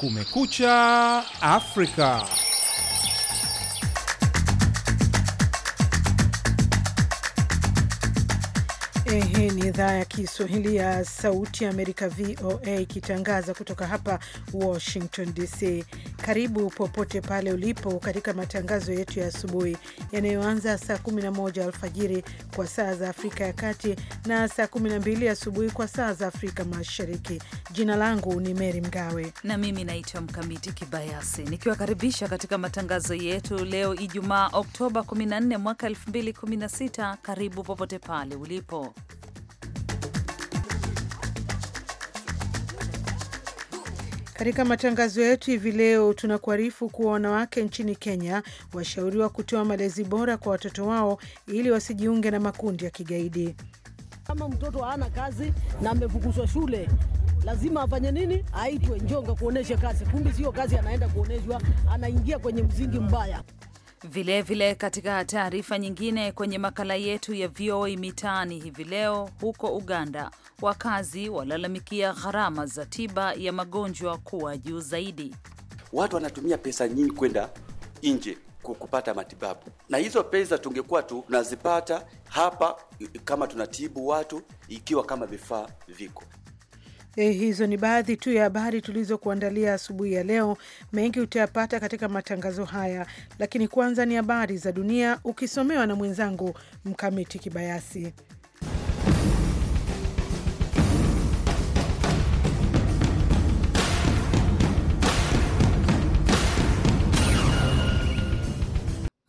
Kumekucha Afrika. Hii ni idhaa ya Kiswahili ya Sauti ya Amerika, VOA, ikitangaza kutoka hapa Washington DC. Karibu popote pale ulipo katika matangazo yetu ya asubuhi yanayoanza saa 11 alfajiri kwa saa za Afrika ya Kati na saa 12 asubuhi kwa saa za Afrika Mashariki. Jina langu ni Meri Mgawe na mimi naitwa Mkamiti Kibayasi, nikiwakaribisha katika matangazo yetu leo Ijumaa, Oktoba 14 mwaka 2016. Karibu popote pale ulipo Katika matangazo yetu hivi leo tunakuarifu kuwa wanawake nchini Kenya washauriwa kutoa malezi bora kwa watoto wao ili wasijiunge na makundi ya kigaidi. Kama mtoto hana kazi na amefukuzwa shule, lazima afanye nini? Aitwe Njonga kuonyesha kazi, kumbe siyo kazi anaenda kuonyeshwa anaingia kwenye mzingi mbaya. Vilevile vile katika taarifa nyingine kwenye makala yetu ya VOA Mitaani hivi leo, huko Uganda wakazi walalamikia gharama za tiba ya magonjwa kuwa juu zaidi. Watu wanatumia pesa nyingi kwenda nje kupata matibabu, na hizo pesa tungekuwa tunazipata hapa kama tunatibu watu ikiwa kama vifaa viko. Eh, hizo ni baadhi tu ya habari tulizokuandalia asubuhi ya leo. Mengi utayapata katika matangazo haya, lakini kwanza ni habari za dunia ukisomewa na mwenzangu Mkamiti Kibayasi.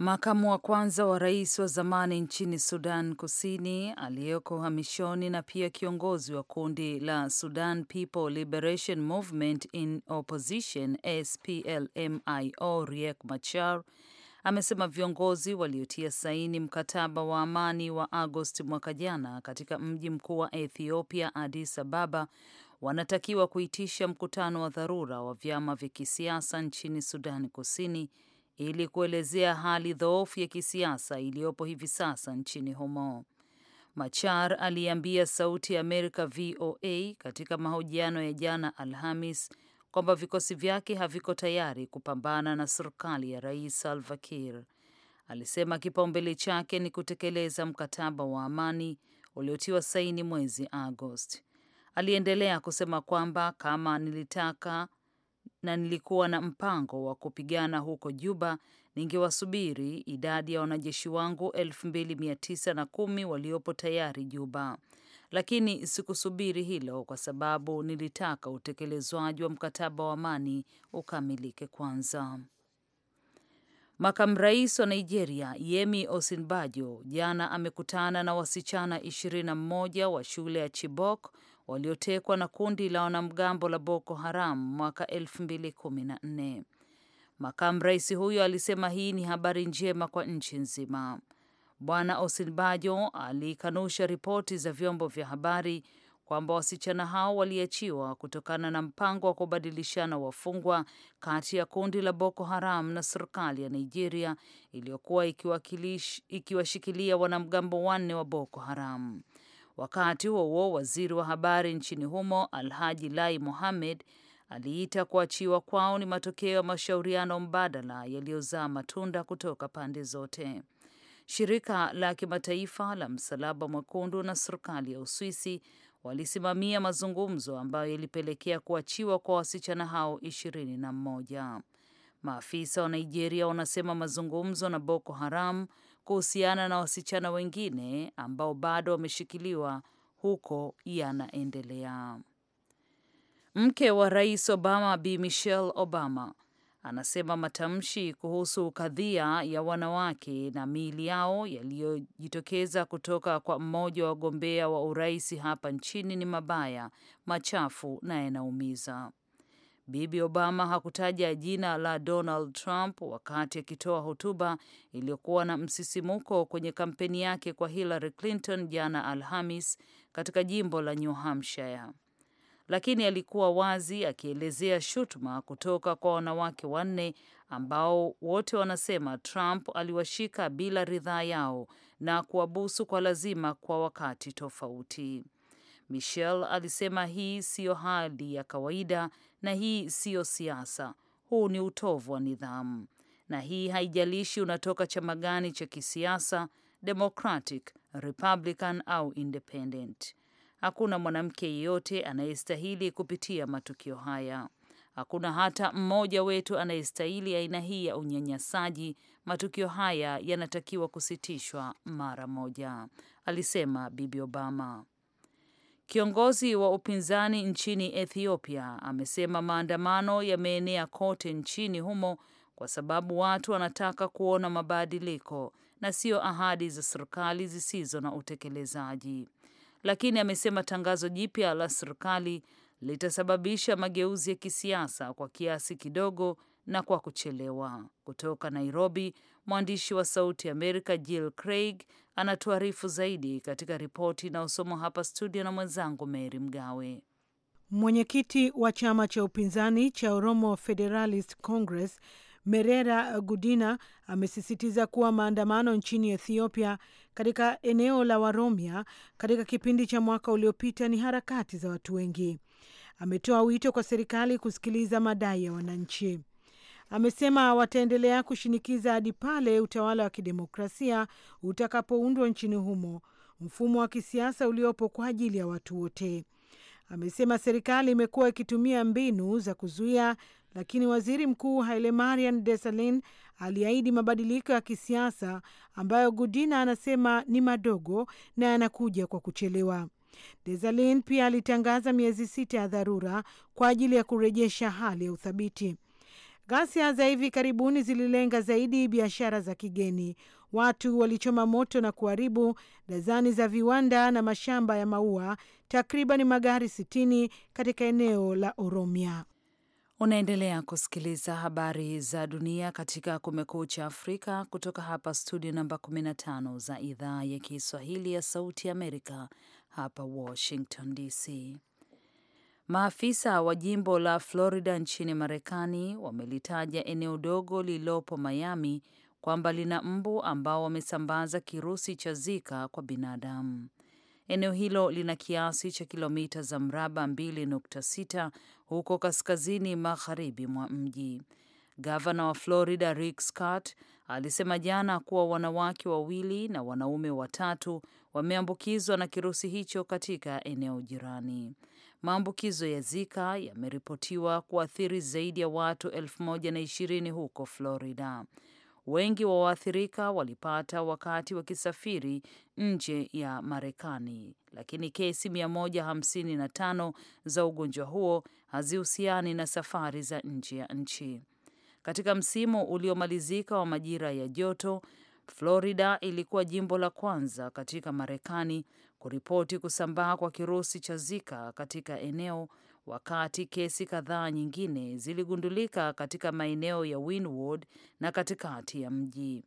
Makamu wa kwanza wa rais wa zamani nchini Sudan Kusini aliyeko uhamishoni na pia kiongozi wa kundi la Sudan People Liberation Movement in Opposition SPLMIO Riek Machar amesema viongozi waliotia saini mkataba wa amani wa Agosti mwaka jana katika mji mkuu wa Ethiopia Addis Ababa wanatakiwa kuitisha mkutano wa dharura wa vyama vya kisiasa nchini Sudan Kusini ili kuelezea hali dhoofu ya kisiasa iliyopo hivi sasa nchini humo. Machar aliambia Sauti ya Amerika VOA katika mahojiano ya jana Alhamis kwamba vikosi vyake haviko tayari kupambana na serikali ya Rais Salva Kiir. Alisema kipaumbele chake ni kutekeleza mkataba wa amani uliotiwa saini mwezi Agosti. Aliendelea kusema kwamba kama nilitaka na nilikuwa na mpango wa kupigana huko Juba, ningewasubiri idadi ya wanajeshi wangu 2910 waliopo tayari Juba, lakini sikusubiri hilo kwa sababu nilitaka utekelezwaji wa mkataba wa amani ukamilike kwanza. Makamu rais wa Nigeria Yemi Osinbajo jana amekutana na wasichana 21 wa shule ya Chibok waliotekwa na kundi la wanamgambo la Boko Haram mwaka 2014. Makamu rais huyo alisema hii ni habari njema kwa nchi nzima. Bwana osinbajo alikanusha ripoti za vyombo vya habari kwamba wasichana hao waliachiwa kutokana na mpango wa kubadilishana wafungwa kati ya kundi la Boko Haram na serikali ya Nigeria iliyokuwa ikiwashikilia wanamgambo wanne wa Boko Haram. Wakati huo huo, waziri wa habari nchini humo Alhaji Lai muhamed aliita kuachiwa kwao ni matokeo ya mashauriano mbadala yaliyozaa matunda kutoka pande zote. Shirika la kimataifa la Msalaba Mwekundu na serikali ya Uswisi walisimamia mazungumzo ambayo yalipelekea kuachiwa kwa wasichana hao ishirini na mmoja. Maafisa wa Nigeria wanasema mazungumzo na Boko Haram kuhusiana na wasichana wengine ambao bado wameshikiliwa huko yanaendelea. Mke wa Rais Obama Bi Michelle Obama anasema matamshi kuhusu kadhia ya wanawake na miili yao yaliyojitokeza kutoka kwa mmoja wa wagombea wa urais hapa nchini ni mabaya, machafu na yanaumiza. Bibi Obama hakutaja jina la Donald Trump wakati akitoa hotuba iliyokuwa na msisimuko kwenye kampeni yake kwa Hillary Clinton jana Alhamis katika jimbo la New Hampshire, lakini alikuwa wazi akielezea shutuma kutoka kwa wanawake wanne ambao wote wanasema Trump aliwashika bila ridhaa yao na kuwabusu kwa lazima kwa wakati tofauti. Michel alisema hii siyo hali ya kawaida na hii siyo siasa, huu ni utovu wa nidhamu, na hii haijalishi unatoka chama gani cha kisiasa, Democratic, Republican au Independent. Hakuna mwanamke yeyote anayestahili kupitia matukio haya. Hakuna hata mmoja wetu anayestahili aina hii ya unyanyasaji. Matukio haya yanatakiwa kusitishwa mara moja, alisema Bibi Obama. Kiongozi wa upinzani nchini Ethiopia amesema maandamano yameenea kote nchini humo kwa sababu watu wanataka kuona mabadiliko na sio ahadi za serikali zisizo na utekelezaji. Lakini amesema tangazo jipya la serikali litasababisha mageuzi ya kisiasa kwa kiasi kidogo na kwa kuchelewa. Kutoka Nairobi, mwandishi wa Sauti Amerika Jill Craig anatuarifu zaidi katika ripoti inayosomwa hapa studio na mwenzangu Mary Mgawe. Mwenyekiti wa chama cha upinzani cha Oromo Federalist Congress Merera Gudina amesisitiza kuwa maandamano nchini Ethiopia katika eneo la Waromia katika kipindi cha mwaka uliopita ni harakati za watu wengi. Ametoa wito kwa serikali kusikiliza madai ya wananchi amesema wataendelea kushinikiza hadi pale utawala wa kidemokrasia utakapoundwa nchini humo, mfumo wa kisiasa uliopo kwa ajili ya watu wote. Amesema serikali imekuwa ikitumia mbinu za kuzuia, lakini waziri mkuu Marian desalin aliahidi mabadiliko ya kisiasa ambayo Gudina anasema ni madogo na yanakuja kwa kuchelewa. desalin pia alitangaza miezi sita ya dharura kwa ajili ya kurejesha hali ya uthabiti. Ghasia za hivi karibuni zililenga zaidi biashara za kigeni. Watu walichoma moto na kuharibu dazani za viwanda na mashamba ya maua, takriban magari 60 katika eneo la Oromia. Unaendelea kusikiliza habari za dunia katika Kumekucha Afrika kutoka hapa studio namba 15 za idhaa ya Kiswahili ya Sauti ya Amerika, hapa Washington DC. Maafisa wa jimbo la Florida nchini Marekani wamelitaja eneo dogo lililopo Miami kwamba lina mbu ambao wamesambaza kirusi cha Zika kwa binadamu. Eneo hilo lina kiasi cha kilomita za mraba 2.6 huko kaskazini magharibi mwa mji. Gavana wa Florida Rick Scott alisema jana kuwa wanawake wawili na wanaume watatu wameambukizwa na kirusi hicho katika eneo jirani. Maambukizo ya Zika yameripotiwa kuathiri zaidi ya watu elfu moja na ishirini huko Florida. Wengi wa waathirika walipata wakati wakisafiri nje ya Marekani, lakini kesi 155 za ugonjwa huo hazihusiani na safari za nje ya nchi. Katika msimu uliomalizika wa majira ya joto, Florida ilikuwa jimbo la kwanza katika Marekani kuripoti kusambaa kwa kirusi cha Zika katika eneo, wakati kesi kadhaa nyingine ziligundulika katika maeneo ya Windward na katikati ya mji.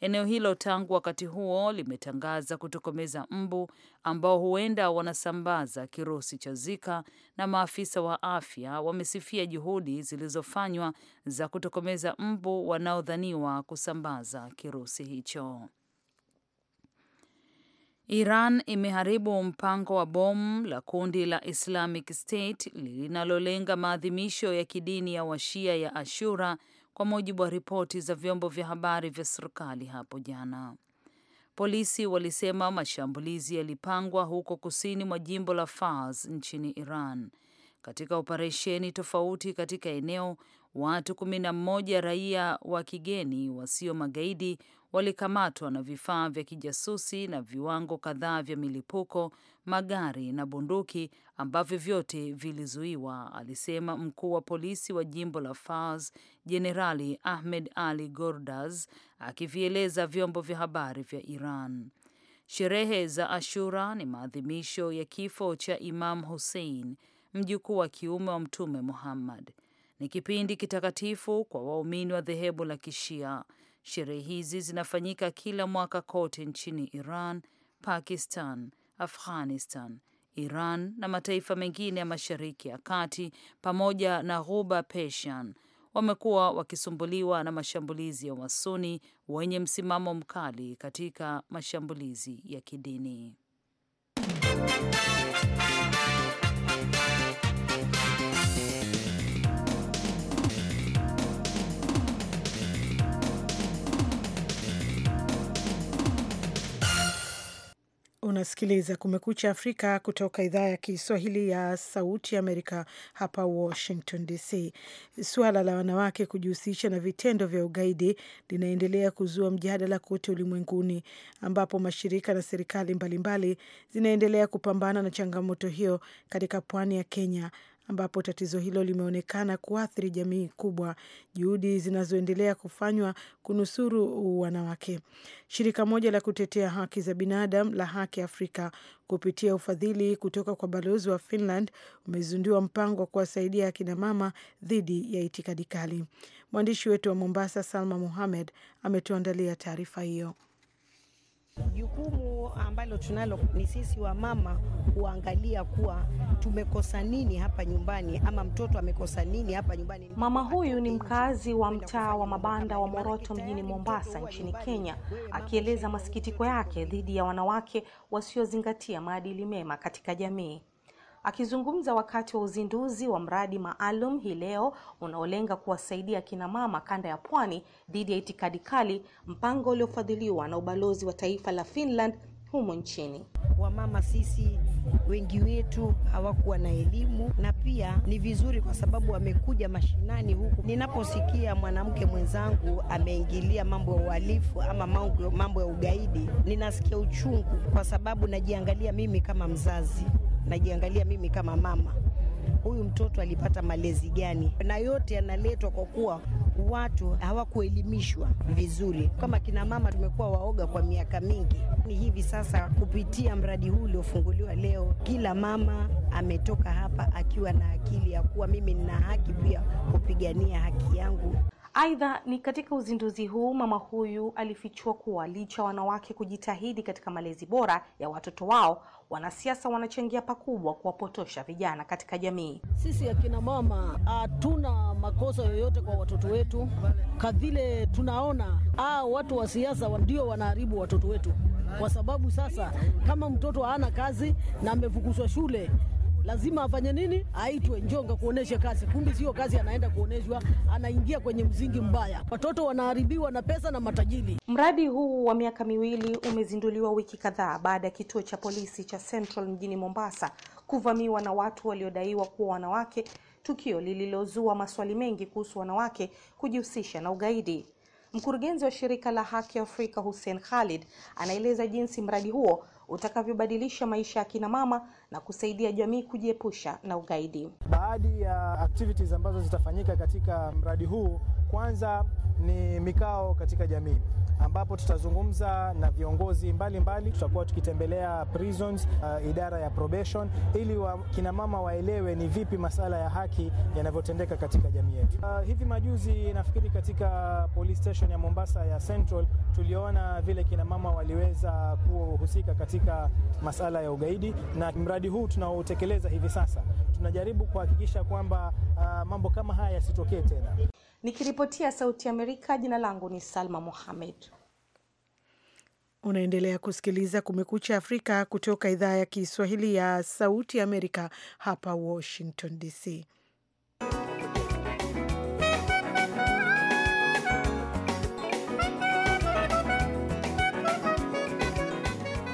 Eneo hilo tangu wakati huo limetangaza kutokomeza mbu ambao huenda wanasambaza kirusi cha Zika, na maafisa wa afya wamesifia juhudi zilizofanywa za kutokomeza mbu wanaodhaniwa kusambaza kirusi hicho. Iran imeharibu mpango wa bomu la kundi la Islamic State linalolenga maadhimisho ya kidini ya Washia ya Ashura, kwa mujibu wa ripoti za vyombo vya habari vya serikali hapo jana. Polisi walisema mashambulizi yalipangwa huko kusini mwa jimbo la Fars nchini Iran. Katika operesheni tofauti katika eneo, watu kumi na mmoja raia wa kigeni wasio magaidi walikamatwa na vifaa vya kijasusi na viwango kadhaa vya milipuko, magari na bunduki ambavyo vyote vilizuiwa, alisema mkuu wa polisi wa jimbo la Fars Jenerali Ahmed Ali Gordaz akivieleza vyombo vya habari vya Iran. Sherehe za Ashura ni maadhimisho ya kifo cha Imam Hussein, mjukuu wa kiume wa Mtume Muhammad. Ni kipindi kitakatifu kwa waumini wa dhehebu la Kishia Sherehe hizi zinafanyika kila mwaka kote nchini Iran, Pakistan, Afghanistan, Iran na mataifa mengine ya Mashariki ya Kati pamoja na Ghuba Persian wamekuwa wakisumbuliwa na mashambulizi ya Wasuni wenye msimamo mkali katika mashambulizi ya kidini. Unasikiliza Kumekucha Afrika kutoka idhaa ya Kiswahili ya Sauti Amerika, hapa Washington DC. Suala la wanawake kujihusisha na vitendo vya ugaidi linaendelea kuzua mjadala kote ulimwenguni, ambapo mashirika na serikali mbalimbali zinaendelea kupambana na changamoto hiyo katika pwani ya Kenya, ambapo tatizo hilo limeonekana kuathiri jamii kubwa, juhudi zinazoendelea kufanywa kunusuru wanawake. Shirika moja la kutetea haki za binadamu la Haki Afrika kupitia ufadhili kutoka kwa balozi wa Finland umezindua mpango wa kuwasaidia akinamama dhidi ya itikadi kali. Mwandishi wetu wa Mombasa, Salma Muhamed, ametuandalia taarifa hiyo. Jukumu ambalo tunalo ni sisi wa mama kuangalia kuwa tumekosa nini hapa nyumbani, ama mtoto amekosa nini hapa nyumbani. Mama huyu ni mkazi wa mtaa wa mabanda wa Moroto mjini Mombasa nchini Kenya, akieleza masikitiko yake dhidi ya wanawake wasiozingatia maadili mema katika jamii. Akizungumza wakati wa uzinduzi wa mradi maalum hii leo unaolenga kuwasaidia kina mama kanda ya Pwani dhidi ya itikadi kali, mpango uliofadhiliwa na ubalozi wa taifa la Finland humo nchini. Wamama sisi wengi wetu hawakuwa na elimu, na pia ni vizuri kwa sababu wamekuja mashinani huku. Ninaposikia mwanamke mwenzangu ameingilia mambo ya uhalifu ama mambo ya ugaidi, ninasikia uchungu, kwa sababu najiangalia mimi kama mzazi najiangalia mimi kama mama, huyu mtoto alipata malezi gani? Na yote yanaletwa kwa kuwa watu hawakuelimishwa vizuri. Kama kina mama tumekuwa waoga kwa miaka mingi. Ni hivi sasa kupitia mradi huu uliofunguliwa leo, kila mama ametoka hapa akiwa na akili ya kuwa mimi nina haki pia kupigania haki yangu. Aidha, ni katika uzinduzi huu mama huyu alifichua kuwa licha wanawake kujitahidi katika malezi bora ya watoto wao, wanasiasa wanachangia pakubwa kuwapotosha vijana katika jamii. Sisi akina mama hatuna makosa yoyote kwa watoto wetu, kadhile tunaona aa, watu wa siasa ndio wanaharibu watoto wetu, kwa sababu sasa kama mtoto hana kazi na amefukuzwa shule lazima afanye nini? Aitwe Njonga kuonesha kazi, kumbe sio kazi anaenda kuoneshwa, anaingia kwenye mzingi mbaya, watoto wanaharibiwa na pesa na matajiri. Mradi huu wa miaka miwili umezinduliwa wiki kadhaa baada ya kituo cha polisi cha Central mjini Mombasa kuvamiwa na watu waliodaiwa kuwa wanawake, tukio lililozua maswali mengi kuhusu wanawake kujihusisha na ugaidi. Mkurugenzi wa shirika la Haki Afrika Hussein Khalid anaeleza jinsi mradi huo utakavyobadilisha maisha ya kina mama na kusaidia jamii kujiepusha na ugaidi. Baadhi ya activities ambazo zitafanyika katika mradi huu, kwanza ni mikao katika jamii ambapo tutazungumza na viongozi mbalimbali. Tutakuwa tukitembelea prisons, uh, idara ya probation, ili wa, kina mama waelewe ni vipi masala ya haki yanavyotendeka katika jamii yetu. Uh, hivi majuzi nafikiri katika police station ya Mombasa ya Central tuliona vile kina mama waliweza kuhusika katika masala ya ugaidi na mradi mradi huu tunaotekeleza hivi sasa tunajaribu kuhakikisha kwamba uh, mambo kama haya yasitokee tena. Nikiripotia Sauti ya Amerika, jina langu ni Salma Mohamed. Unaendelea kusikiliza Kumekucha Afrika kutoka idhaa ya Kiswahili ya Sauti ya Amerika hapa Washington DC.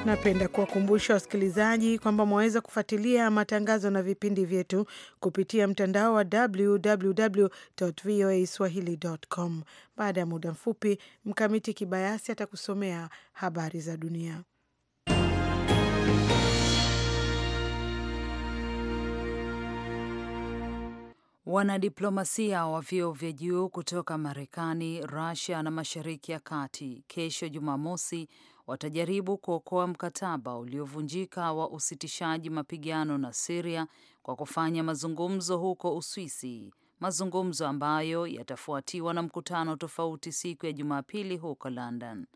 Napenda kuwakumbusha wasikilizaji kwamba mwaweza kufuatilia matangazo na vipindi vyetu kupitia mtandao wa swahilicom Baada ya muda mfupi, Mkamiti Kibayasi atakusomea habari za dunia. Wanadiplomasia wa vyeo vya juu kutoka Marekani, Rusia na Mashariki ya Kati kesho Jumamosi watajaribu kuokoa mkataba uliovunjika wa usitishaji mapigano na Siria kwa kufanya mazungumzo huko Uswisi, mazungumzo ambayo yatafuatiwa na mkutano tofauti siku ya Jumapili huko London.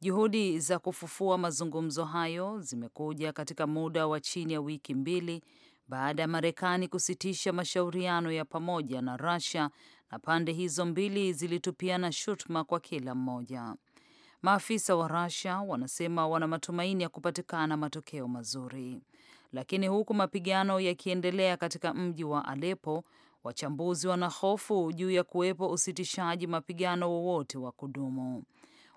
Juhudi za kufufua mazungumzo hayo zimekuja katika muda wa chini ya wiki mbili baada ya Marekani kusitisha mashauriano ya pamoja na Russia na pande hizo mbili zilitupiana shutuma kwa kila mmoja. Maafisa wa Russia wanasema wana matumaini ya kupatikana matokeo mazuri. Lakini huku mapigano yakiendelea katika mji wa Aleppo, wachambuzi wana hofu juu ya kuwepo usitishaji mapigano wowote wa kudumu.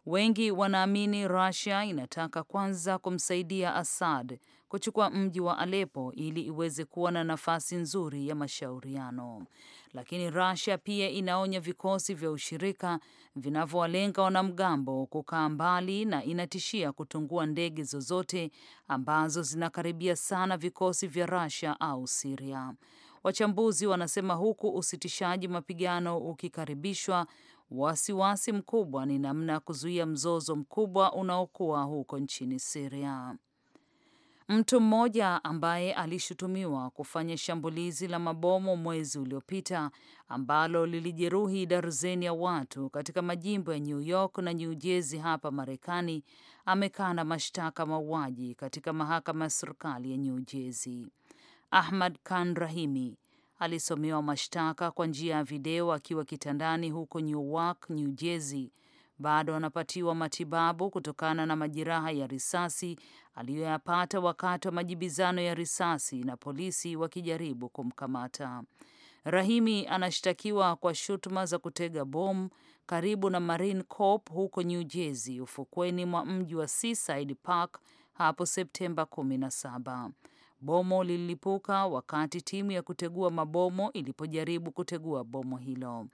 Wengi wanaamini Russia inataka kwanza kumsaidia Assad kuchukua mji wa Aleppo ili iweze kuwa na nafasi nzuri ya mashauriano. Lakini Russia pia inaonya vikosi vya ushirika vinavyowalenga wanamgambo kukaa mbali na inatishia kutungua ndege zozote ambazo zinakaribia sana vikosi vya Russia au Syria. Wachambuzi wanasema huku usitishaji mapigano ukikaribishwa, wasiwasi mkubwa ni namna ya kuzuia mzozo mkubwa unaokuwa huko nchini Syria. Mtu mmoja ambaye alishutumiwa kufanya shambulizi la mabomu mwezi uliopita ambalo lilijeruhi darzeni ya watu katika majimbo ya New York na New Jersey hapa Marekani amekana mashtaka mauaji katika mahakama ya serikali ya New Jersey. Ahmad Khan Rahimi alisomewa mashtaka kwa njia ya video akiwa kitandani huko Newark, New Jersey bado anapatiwa matibabu kutokana na majeraha ya risasi aliyoyapata wakati wa majibizano ya risasi na polisi wakijaribu kumkamata. Rahimi anashtakiwa kwa shutuma za kutega bomu karibu na Marine cop huko New Jersey, ufukweni mwa mji wa Seaside Park hapo Septemba 17. Bomo lililipuka wakati timu ya kutegua mabomo ilipojaribu kutegua bomo hilo.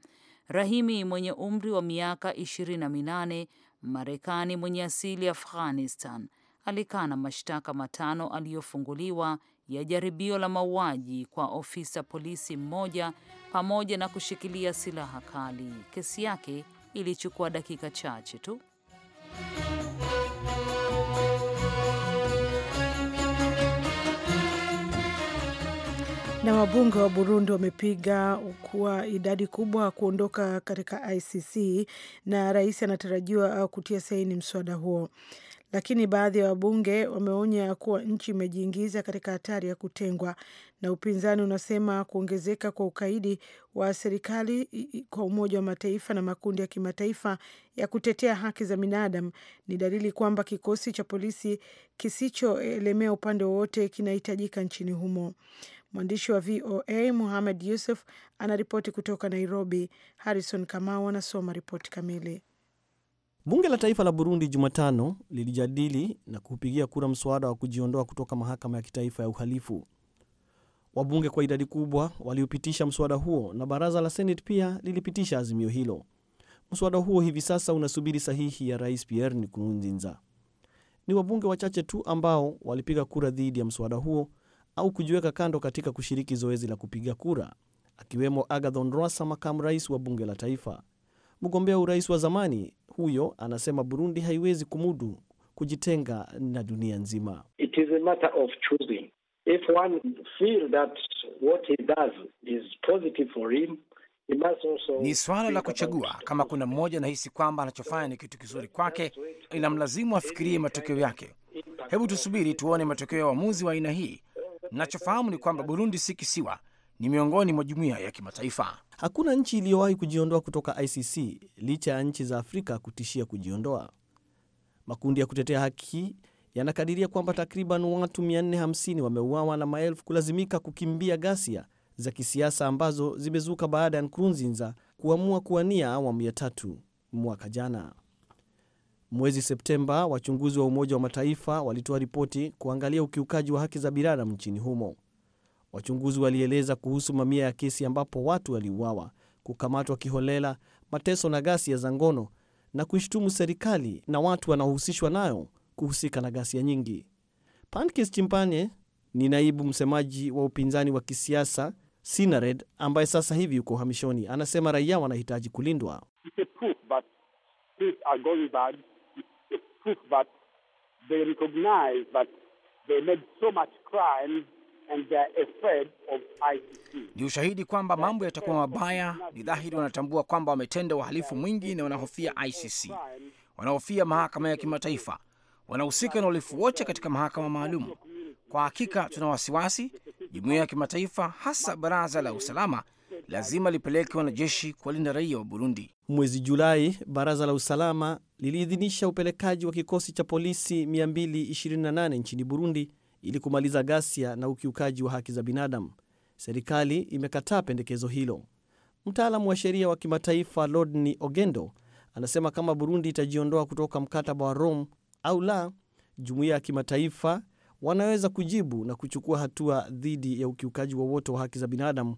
Rahimi mwenye umri wa miaka ishirini na minane Marekani mwenye asili ya Afghanistan alikana mashtaka matano aliyofunguliwa ya jaribio la mauaji kwa ofisa polisi mmoja pamoja na kushikilia silaha kali. Kesi yake ilichukua dakika chache tu. Na wabunge wa Burundi wamepiga kuwa idadi kubwa kuondoka katika ICC na rais anatarajiwa uh, kutia saini mswada huo, lakini baadhi ya wabunge wameonya kuwa nchi imejiingiza katika hatari ya kutengwa, na upinzani unasema kuongezeka kwa ukaidi wa serikali kwa Umoja wa Mataifa na makundi ya kimataifa ya kutetea haki za binadamu ni dalili kwamba kikosi cha polisi kisichoelemea upande wowote kinahitajika nchini humo. Mwandishi wa VOA Muhamed Yusuf anaripoti kutoka Nairobi. Harrison Kamau anasoma ripoti kamili. Bunge la Taifa la Burundi Jumatano lilijadili na kupigia kura mswada wa kujiondoa kutoka mahakama ya kitaifa ya uhalifu. Wabunge kwa idadi kubwa waliopitisha mswada huo na baraza la Seneti pia lilipitisha azimio hilo. Mswada huo hivi sasa unasubiri sahihi ya Rais Pierre Nkurunziza. Ni wabunge wachache tu ambao walipiga kura dhidi ya mswada huo au kujiweka kando katika kushiriki zoezi la kupiga kura, akiwemo Agathon Rwasa, makamu rais wa bunge la taifa. Mgombea urais wa zamani huyo anasema Burundi haiwezi kumudu kujitenga na dunia nzima. It is a matter of choosing. If one feel that what he does is positive for him, he must also... Ni swala la kuchagua. Kama kuna mmoja anahisi kwamba anachofanya ni kitu kizuri kwake, inamlazimu afikirie matokeo yake. Hebu tusubiri tuone matokeo ya uamuzi wa aina hii Nachofahamu ni kwamba Burundi si kisiwa, ni miongoni mwa jumuiya ya kimataifa. Hakuna nchi iliyowahi kujiondoa kutoka ICC licha ya nchi za Afrika kutishia kujiondoa. Makundi ya kutetea haki yanakadiria kwamba takriban watu 450 wameuawa na maelfu kulazimika kukimbia ghasia za kisiasa ambazo zimezuka baada ya Nkurunziza kuamua kuwania awamu ya tatu mwaka jana. Mwezi Septemba, wachunguzi wa Umoja wa Mataifa walitoa ripoti kuangalia ukiukaji wa haki za binadamu nchini humo. Wachunguzi walieleza kuhusu mamia ya kesi ambapo watu waliuawa, kukamatwa kiholela, mateso na ghasia za ngono, na kuishtumu serikali na watu wanaohusishwa nayo kuhusika na ghasia nyingi. Pankis chimpane ni naibu msemaji wa upinzani wa kisiasa Sinared, ambaye sasa hivi yuko uhamishoni, anasema raia wanahitaji kulindwa sick, but they recognize that they made so much crime and they are afraid of ICC. Ni ushahidi kwamba mambo yatakuwa mabaya. Ni dhahiri wanatambua kwamba wametenda uhalifu mwingi na wanahofia ICC, wanahofia mahakama ya kimataifa, wanahusika na uhalifu wote katika mahakama maalum. Kwa hakika tuna wasiwasi. Jumuiya ya kimataifa, hasa baraza la usalama, lazima lipeleke wanajeshi kuwalinda raia wa Burundi. Mwezi Julai, baraza la usalama liliidhinisha upelekaji wa kikosi cha polisi 228 nchini Burundi ili kumaliza ghasia na ukiukaji wa haki za binadamu. Serikali imekataa pendekezo hilo. Mtaalamu wa sheria wa kimataifa Lodni Ogendo anasema kama Burundi itajiondoa kutoka mkataba wa Rome au la, jumuiya ya kimataifa wanaweza kujibu na kuchukua hatua dhidi ya ukiukaji wowote wa, wa haki za binadamu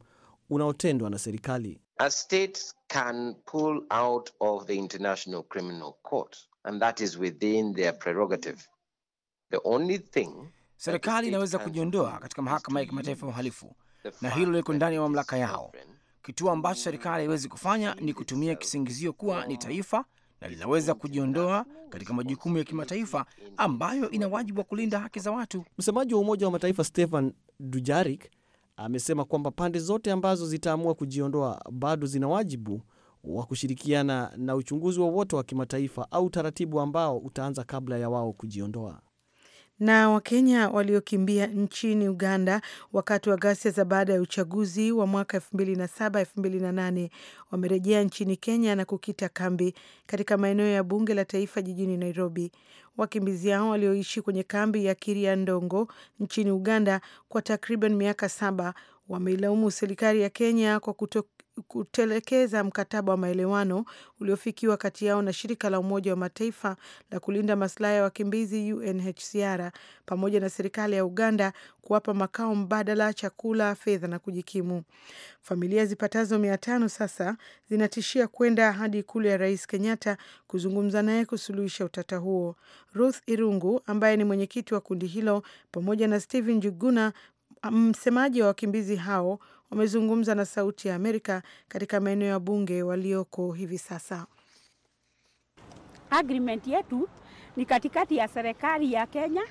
unaotendwa na serikali a state can pull out of the International Criminal Court, and that is within their prerogative. The only thing serikali inaweza kujiondoa katika mahakama ya kimataifa ya uhalifu, na hilo liko ndani ya mamlaka yao. Kituo ambacho serikali haiwezi kufanya ni kutumia kisingizio kuwa ni taifa na linaweza kujiondoa katika majukumu ya kimataifa ambayo ina wajibu wa kulinda haki za watu. Msemaji wa Umoja wa Mataifa Stefan Dujarik amesema kwamba pande zote ambazo zitaamua kujiondoa bado zina wajibu wa kushirikiana na uchunguzi wowote wa, wa kimataifa au utaratibu ambao utaanza kabla ya wao kujiondoa. Na Wakenya waliokimbia nchini Uganda wakati wa ghasia za baada ya uchaguzi wa mwaka 2007 2008 wamerejea nchini Kenya na kukita kambi katika maeneo ya bunge la taifa jijini Nairobi. Wakimbizi hao walioishi kwenye kambi ya kiria ndongo nchini Uganda kwa takriban miaka saba wameilaumu serikali ya Kenya kwa kuto kutelekeza mkataba wa maelewano uliofikiwa kati yao na shirika la Umoja wa Mataifa la kulinda masilahi ya wakimbizi UNHCR pamoja na serikali ya Uganda kuwapa makao mbadala, chakula, fedha na kujikimu. Familia zipatazo mia tano sasa zinatishia kwenda hadi ikulu ya Rais Kenyatta kuzungumza naye kusuluhisha utata huo. Ruth Irungu ambaye ni mwenyekiti wa kundi hilo pamoja na Stephen Juguna, msemaji wa wakimbizi hao wamezungumza na Sauti ya Amerika katika maeneo ya bunge walioko hivi sasa. Agreement yetu ni katikati ya serikali ya Kenya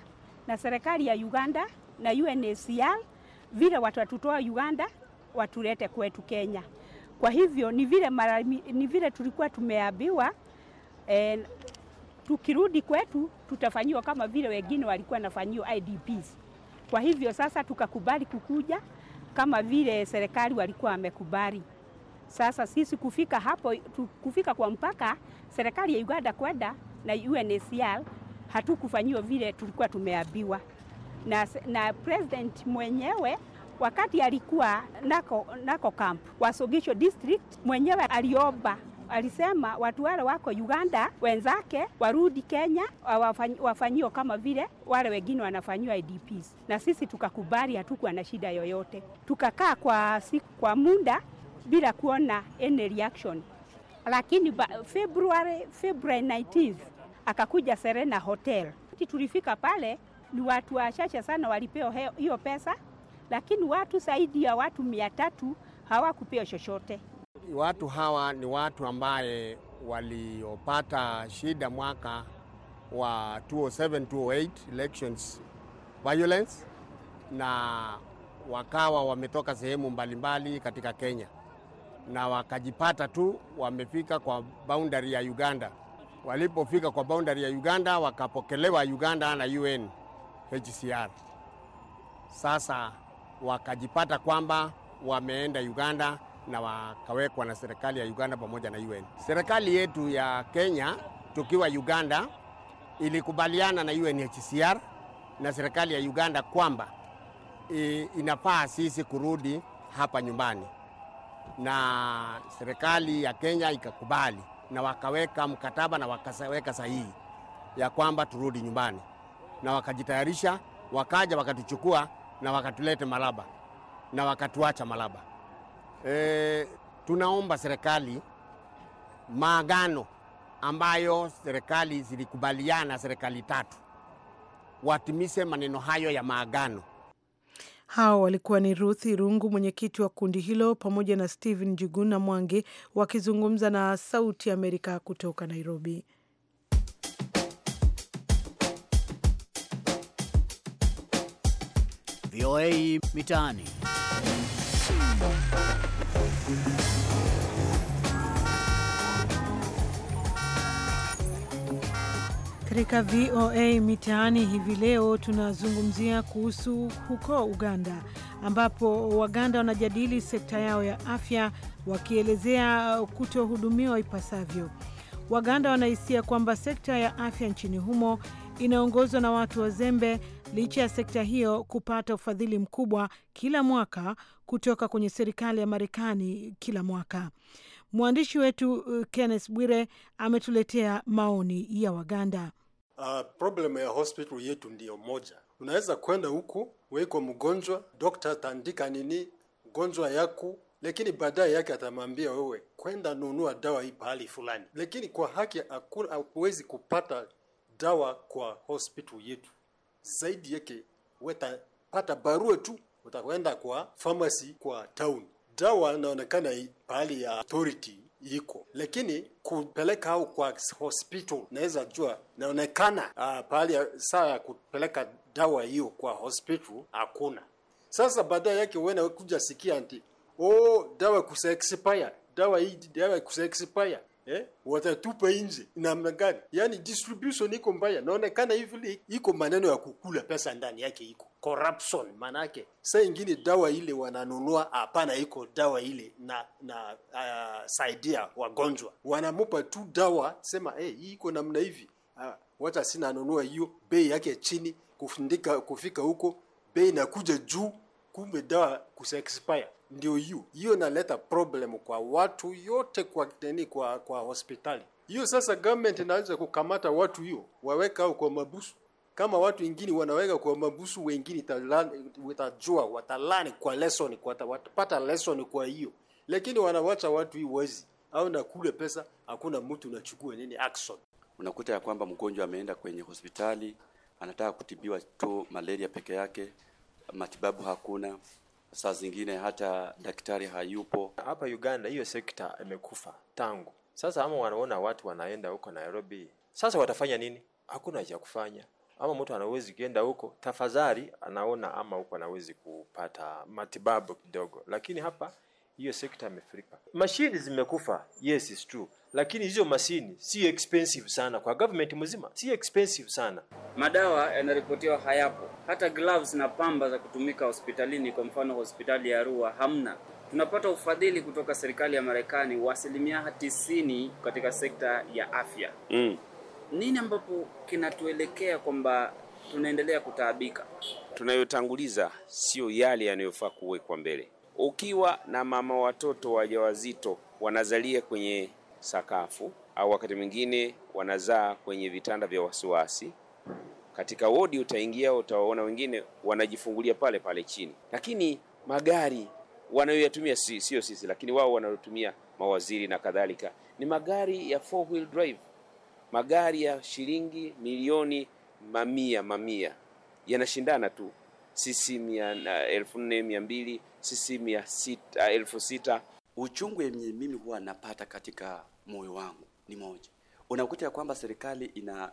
na serikali ya Uganda na UNHCR, vile watatutoa Uganda watulete kwetu Kenya. Kwa hivyo ni vile, mara, ni vile tulikuwa tumeambiwa eh, tukirudi kwetu tutafanyiwa kama vile wengine walikuwa nafanyiwa IDPs. Kwa hivyo sasa tukakubali kukuja kama vile serikali walikuwa wamekubali. Sasa sisi kufika hapo, kufika kwa mpaka serikali ya Uganda kwenda na UNHCR hatukufanyiwa vile tulikuwa tumeambiwa na, na president mwenyewe wakati alikuwa nako, nako camp Wasogisho district mwenyewe aliomba alisema watu wale wako Uganda wenzake warudi Kenya wafanyiwe kama vile wale wengine wanafanyiwa IDPs, na sisi tukakubali, hatukuwa na shida yoyote. Tukakaa kwa, kwa muda bila kuona any reaction, lakini February, February 19 akakuja Serena Hotel. Tulifika pale ni watu wachache sana walipewa hiyo pesa, lakini watu zaidi ya watu mia tatu hawakupewa chochote watu hawa ni watu ambaye waliopata shida mwaka wa 2007 2008 elections violence, na wakawa wametoka sehemu mbalimbali katika Kenya na wakajipata tu wamefika kwa boundary ya Uganda. Walipofika kwa boundary ya Uganda wakapokelewa Uganda na UN HCR. Sasa wakajipata kwamba wameenda Uganda na wakawekwa na serikali ya Uganda pamoja na UN. Serikali yetu ya Kenya tukiwa Uganda ilikubaliana na UNHCR na serikali ya Uganda kwamba inafaa sisi kurudi hapa nyumbani, na serikali ya Kenya ikakubali na wakaweka mkataba na wakaweka sahihi ya kwamba turudi nyumbani, na wakajitayarisha, wakaja wakatuchukua na wakatulete Malaba na wakatuacha Malaba e, tunaomba serikali maagano ambayo serikali zilikubaliana, serikali tatu watimise maneno hayo ya maagano. Hao walikuwa ni Ruth Irungu, mwenyekiti wa kundi hilo, pamoja na Stephen Juguna Mwangi wakizungumza na Sauti Amerika kutoka Nairobi. VOA Mitaani. Katika VOA Mitaani hivi leo tunazungumzia kuhusu huko Uganda ambapo Waganda wanajadili sekta yao ya afya wakielezea kutohudumiwa ipasavyo. Waganda wanahisia kwamba sekta ya afya nchini humo inaongozwa na watu wazembe licha ya sekta hiyo kupata ufadhili mkubwa kila mwaka kutoka kwenye serikali ya Marekani kila mwaka. Mwandishi wetu uh, Kenneth Bwire ametuletea maoni ya Waganda. Uh, problem ya hospital yetu ndiyo moja. Unaweza kwenda huku weiko mgonjwa, dokta ataandika nini mgonjwa yaku lakini baadaye yake atamwambia wewe kwenda nunua dawa hii pahali fulani, lakini kwa haki hakuwezi kupata dawa kwa hospital yetu zaidi yake wetapata barua tu, utakwenda kwa pharmacy kwa town. Dawa naonekana pahali ya authority iko, lakini kupeleka au kwa hospital naweza jua uh, pahali saa ya kupeleka dawa hiyo kwa hospital hakuna. Sasa baadaye yake wewe kuja sikia anti, oh, dawa kusa expire, dawa hii dawa kusa expire eh? watatupa nje namna gani? Yani distribution iko mbaya, naonekana hivi iko maneno ya kukula pesa ndani yake iko corruption manake, saa ingine dawa ile wananunua hapana, iko dawa ile na na uh, saidia wagonjwa, wanamupa tu dawa sema hey, eh, iko namna hivi uh, ah, wacha sina hiyo, bei yake chini, kufindika kufika huko bei nakuja juu kumbe dawa kusa expire ndio hiyo hiyo inaleta problem kwa watu yote kwa nini kwa kwa hospitali hiyo sasa government inaanza kukamata watu hiyo waweka au kwa mabusu kama watu wengine wanaweka kwa mabusu wengine watajua watalani kwa lesson kwa watapata lesson kwa hiyo lakini wanawacha watu hii wazi au na kule pesa hakuna mtu unachukua nini action unakuta ya kwamba mgonjwa ameenda kwenye hospitali anataka kutibiwa tu malaria peke yake matibabu hakuna, saa zingine hata daktari hayupo. Hapa Uganda hiyo sekta imekufa tangu sasa. Ama wanaona watu wanaenda huko Nairobi, sasa watafanya nini? Hakuna cha kufanya ama mtu anawezi kuenda huko, tafadhali anaona ama huko anawezi kupata matibabu kidogo, lakini hapa hiyo sekta imefurika. Mashini zimekufa, yes is true, lakini hizo mashini si expensive sana kwa government mzima, si expensive sana. Madawa yanaripotiwa hayapo, hata gloves na pamba za kutumika hospitalini, kwa mfano hospitali ya Arua hamna. Tunapata ufadhili kutoka serikali ya Marekani wa asilimia tisini katika sekta ya afya mm. Nini ambapo kinatuelekea kwamba tunaendelea kutaabika? Tunayotanguliza sio yale yanayofaa kuwekwa mbele. Ukiwa na mama watoto wajawazito wanazalia kwenye sakafu au wakati mwingine wanazaa kwenye vitanda vya wasiwasi. Katika wodi utaingia, utawaona wengine wanajifungulia pale pale chini, lakini magari wanayoyatumia si, sio sisi, lakini wao wanayotumia mawaziri na kadhalika ni magari ya four wheel drive, magari ya shilingi milioni mamia mamia, yanashindana tu sisi elfu nne mia mbili sisi mia sita elfu sita Uchungu yenye mimi huwa napata katika moyo wangu ni moja, unakuta ya kwamba serikali ina,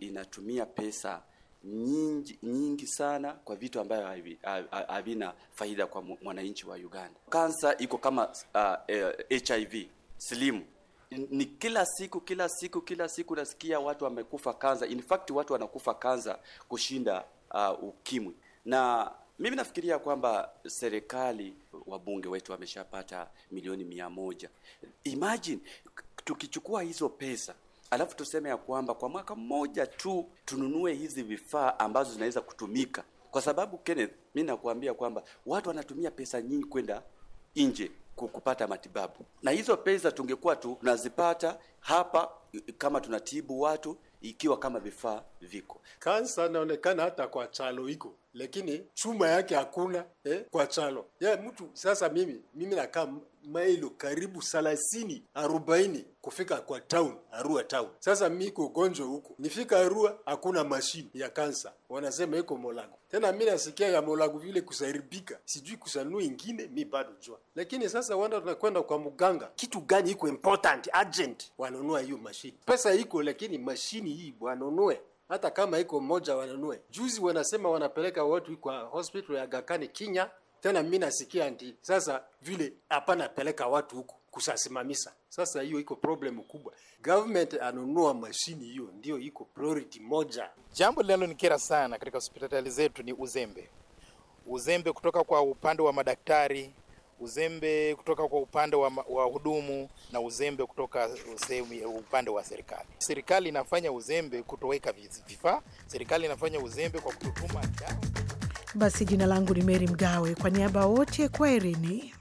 inatumia pesa nyingi, nyingi sana kwa vitu ambavyo havina faida kwa mwananchi wa Uganda. Kansa iko kama uh, e, HIV slimu ni kila siku kila siku kila siku nasikia watu wamekufa kansa. In fact watu wanakufa kansa kushinda uh, ukimwi na mimi nafikiria kwamba serikali, wabunge wetu wameshapata milioni mia moja. Imagine tukichukua hizo pesa alafu tuseme ya kwamba kwa mwaka mmoja tu tununue hizi vifaa ambazo zinaweza kutumika, kwa sababu Kenneth, mi nakuambia kwamba watu wanatumia pesa nyingi kwenda nje kupata matibabu, na hizo pesa tungekuwa tunazipata hapa kama tunatibu watu, ikiwa kama vifaa viko. Kansa inaonekana hata kwa chalo iko lakini chuma yake hakuna eh, kwa chalo ya mtu sasa. Mimi mimi nakaa mailo karibu thelathini arobaini kufika kwa town Arua town. Sasa mi iko huko, nifika Arua hakuna mashini ya kansa, wanasema iko molagu Tena mi nasikia ya Molango vile kusaribika sijui kusanua ingine, mi bado jua. Lakini sasa wanda tunakwenda kwa mganga, kitu gani iko important urgent, wanunua hiyo mashini. Pesa iko lakini mashini hii wanunue hata kama iko mmoja wanunue. Juzi wanasema wanapeleka watu kwa hospital ya Gakani Kinya, tena mimi nasikia ndi sasa vile hapana peleka watu huko kusasimamisa. Sasa hiyo iko problem kubwa, government anunua mashini, hiyo ndio iko priority moja. Jambo linalonikera sana katika hospitali zetu ni uzembe, uzembe kutoka kwa upande wa madaktari uzembe kutoka kwa upande wa hudumu na uzembe kutoka sehemu upande wa serikali. Serikali inafanya uzembe kutoweka vifaa, serikali inafanya uzembe kwa kututuma dawa. Basi jina langu ni Meri Mgawe, kwa niaba wote, kwaherini.